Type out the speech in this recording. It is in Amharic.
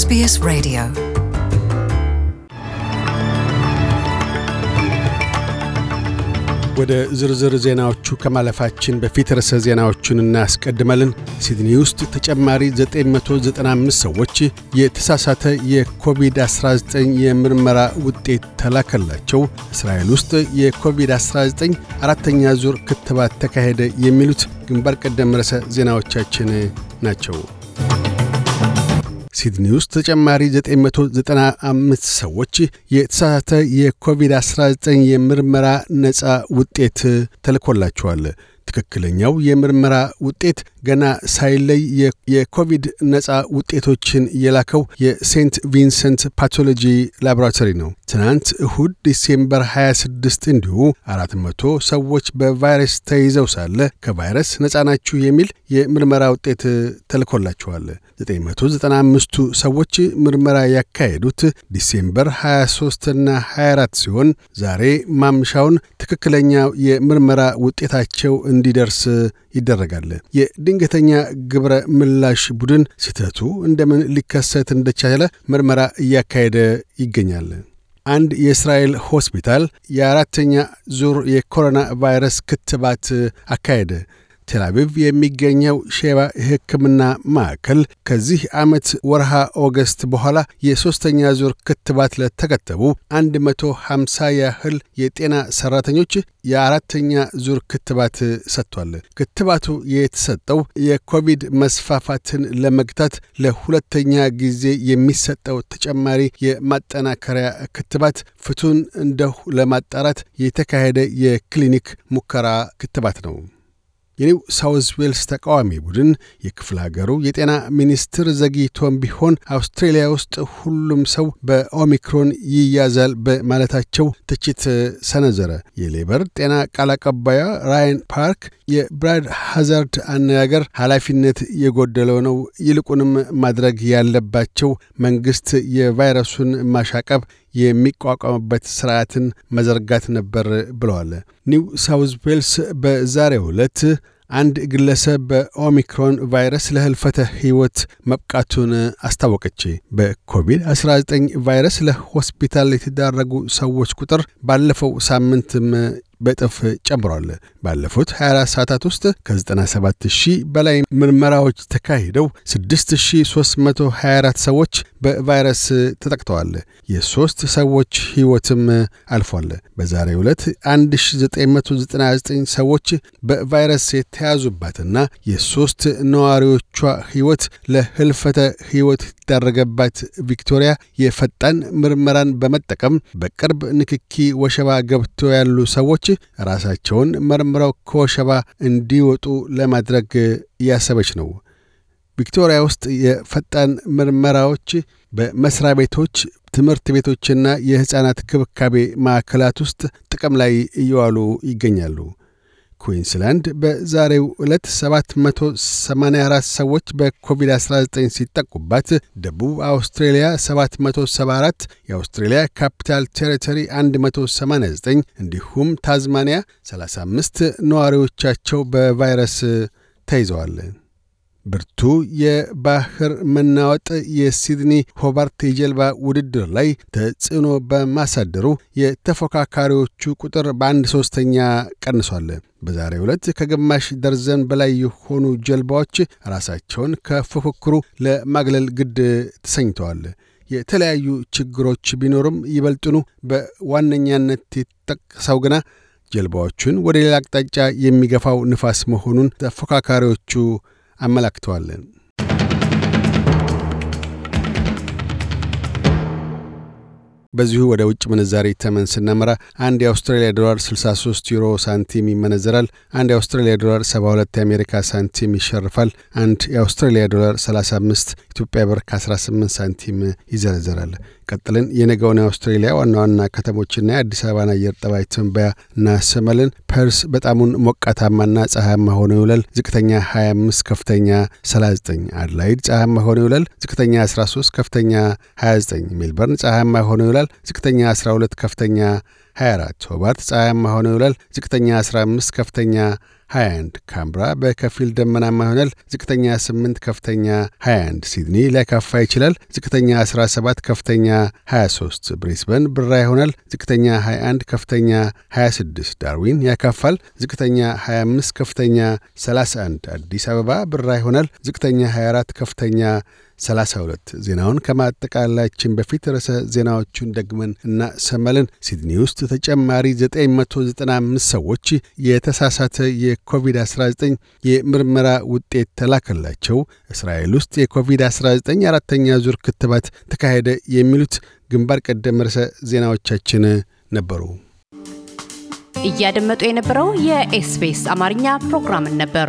SBS Radio. ወደ ዝርዝር ዜናዎቹ ከማለፋችን በፊት ርዕሰ ዜናዎቹን እናስቀድማለን። ሲድኒ ውስጥ ተጨማሪ 995 ሰዎች የተሳሳተ የኮቪድ-19 የምርመራ ውጤት ተላከላቸው፣ እስራኤል ውስጥ የኮቪድ-19 አራተኛ ዙር ክትባት ተካሄደ፣ የሚሉት ግንባር ቀደም ርዕሰ ዜናዎቻችን ናቸው። ሲድኒ ውስጥ ተጨማሪ 995 ሰዎች የተሳሳተ የኮቪድ-19 የምርመራ ነፃ ውጤት ተልኮላቸዋል። ትክክለኛው የምርመራ ውጤት ገና ሳይለይ የኮቪድ ነፃ ውጤቶችን የላከው የሴንት ቪንሰንት ፓቶሎጂ ላቦራቶሪ ነው። ትናንት እሁድ ዲሴምበር 26 እንዲሁ 400 ሰዎች በቫይረስ ተይዘው ሳለ ከቫይረስ ነፃ ናችሁ የሚል የምርመራ ውጤት ተልኮላቸዋል። 995ቱ ሰዎች ምርመራ ያካሄዱት ዲሴምበር 23ና 24 ሲሆን ዛሬ ማምሻውን ትክክለኛው የምርመራ ውጤታቸው እንዲደርስ ይደረጋል። ድንገተኛ ግብረ ምላሽ ቡድን ስህተቱ እንደምን ሊከሰት እንደቻለ ምርመራ እያካሄደ ይገኛል። አንድ የእስራኤል ሆስፒታል የአራተኛ ዙር የኮሮና ቫይረስ ክትባት አካሄደ። ቴላቪቭ የሚገኘው ሼባ የሕክምና ማዕከል ከዚህ ዓመት ወርሃ ኦገስት በኋላ የሦስተኛ ዙር ክትባት ለተከተቡ 150 ያህል የጤና ሠራተኞች የአራተኛ ዙር ክትባት ሰጥቷል። ክትባቱ የተሰጠው የኮቪድ መስፋፋትን ለመግታት ለሁለተኛ ጊዜ የሚሰጠው ተጨማሪ የማጠናከሪያ ክትባት ፍቱን እንደሁ ለማጣራት የተካሄደ የክሊኒክ ሙከራ ክትባት ነው። የኒው ሳውዝ ዌልስ ተቃዋሚ ቡድን የክፍለ ሀገሩ የጤና ሚኒስትር ዘግይቶም ቢሆን አውስትሬሊያ ውስጥ ሁሉም ሰው በኦሚክሮን ይያዛል በማለታቸው ትችት ሰነዘረ። የሌበር ጤና ቃል አቀባዩ ራያን ፓርክ የብራድ ሃዛርድ አነጋገር ኃላፊነት የጎደለው ነው፣ ይልቁንም ማድረግ ያለባቸው መንግስት የቫይረሱን ማሻቀብ የሚቋቋምበት ስርዓትን መዘርጋት ነበር ብለዋል። ኒው ሳውዝ ዌልስ በዛሬ ዕለት አንድ ግለሰብ በኦሚክሮን ቫይረስ ለህልፈተ ሕይወት መብቃቱን አስታወቀች። በኮቪድ-19 ቫይረስ ለሆስፒታል የተዳረጉ ሰዎች ቁጥር ባለፈው ሳምንትም በጥፍ ጨምሯል። ባለፉት 24 ሰዓታት ውስጥ ከ97 ሺህ በላይ ምርመራዎች ተካሂደው 6324 ሰዎች በቫይረስ ተጠቅተዋል። የሦስት ሰዎች ሕይወትም አልፏል። በዛሬ ዕለት 1999 ሰዎች በቫይረስ የተያዙባትና የሦስት ነዋሪዎቿ ሕይወት ለህልፈተ ሕይወት የተዳረገባት ቪክቶሪያ የፈጣን ምርመራን በመጠቀም በቅርብ ንክኪ ወሸባ ገብተው ያሉ ሰዎች ራሳቸውን መርመ ከምርመራው ከወሸባ እንዲወጡ ለማድረግ እያሰበች ነው። ቪክቶሪያ ውስጥ የፈጣን ምርመራዎች በመስሪያ ቤቶች፣ ትምህርት ቤቶችና የሕፃናት ክብካቤ ማዕከላት ውስጥ ጥቅም ላይ እየዋሉ ይገኛሉ። ኩዊንስላንድ በዛሬው ዕለት 784 ሰዎች በኮቪድ-19 ሲጠቁባት፣ ደቡብ አውስትሬልያ 774፣ የአውስትሬልያ ካፒታል ቴሪተሪ 189 እንዲሁም ታዝማኒያ 35 ነዋሪዎቻቸው በቫይረስ ተይዘዋል። ብርቱ የባህር መናወጥ የሲድኒ ሆባርት የጀልባ ውድድር ላይ ተጽዕኖ በማሳደሩ የተፎካካሪዎቹ ቁጥር በአንድ ሦስተኛ ቀንሷል። በዛሬ ዕለት ከግማሽ ደርዘን በላይ የሆኑ ጀልባዎች ራሳቸውን ከፉክክሩ ለማግለል ግድ ተሰኝተዋል። የተለያዩ ችግሮች ቢኖርም ይበልጥኑ በዋነኛነት የተጠቀሰው ግና ጀልባዎቹን ወደ ሌላ አቅጣጫ የሚገፋው ንፋስ መሆኑን ተፎካካሪዎቹ አመላክተዋለን። በዚሁ ወደ ውጭ ምንዛሪ ተመን ስናመራ አንድ የአውስትራሊያ ዶላር 63 ዩሮ ሳንቲም ይመነዘራል። አንድ የአውስትራሊያ ዶላር 72 የአሜሪካ ሳንቲም ይሸርፋል። አንድ የአውስትራሊያ ዶላር 35 ኢትዮጵያ ብር ከ18 ሳንቲም ይዘረዘራል። ቀጥልን የነገውን የአውስትሬሊያ ዋና ዋና ከተሞችና የአዲስ አበባን አየር ጠባይ ትንበያ እናሰማለን። ፐርስ በጣሙን ሞቃታማና ፀሐያማ ሆኖ ይውላል። ዝቅተኛ 25፣ ከፍተኛ 39። አድላይድ ፀሐያማ ሆኖ ይውላል። ዝቅተኛ 13፣ ከፍተኛ 29። ሜልበርን ፀሐያማ ሆኖ ይውላል። ይውላል። ዝቅተኛ 12 ከፍተኛ 24። ሆባርት ፀሐያማ ሆኖ ይውላል። ዝቅተኛ 15 ከፍተኛ 21 ካምብራ በከፊል ደመናማ ይሆናል። ዝቅተኛ 8 ከፍተኛ 21 ሲድኒ ሊያካፋ ይችላል። ዝቅተኛ 17 ከፍተኛ 23 ብሪስበን ብራ ይሆናል። ዝቅተኛ 21 ከፍተኛ 26 ዳርዊን ያካፋል። ዝቅተኛ 25 ከፍተኛ 31 አዲስ አበባ ብራ ይሆናል። ዝቅተኛ 24 ከፍተኛ 32 ዜናውን ከማጠቃላችን በፊት ርዕሰ ዜናዎቹን ደግመን እናሰማለን። ሲድኒ ውስጥ ተጨማሪ 995 ሰዎች የተሳሳተ የ የኮቪድ-19 የምርመራ ውጤት ተላከላቸው፣ እስራኤል ውስጥ የኮቪድ-19 አራተኛ ዙር ክትባት ተካሄደ የሚሉት ግንባር ቀደም ርዕሰ ዜናዎቻችን ነበሩ። እያደመጡ የነበረው የኤስቢኤስ አማርኛ ፕሮግራምን ነበር።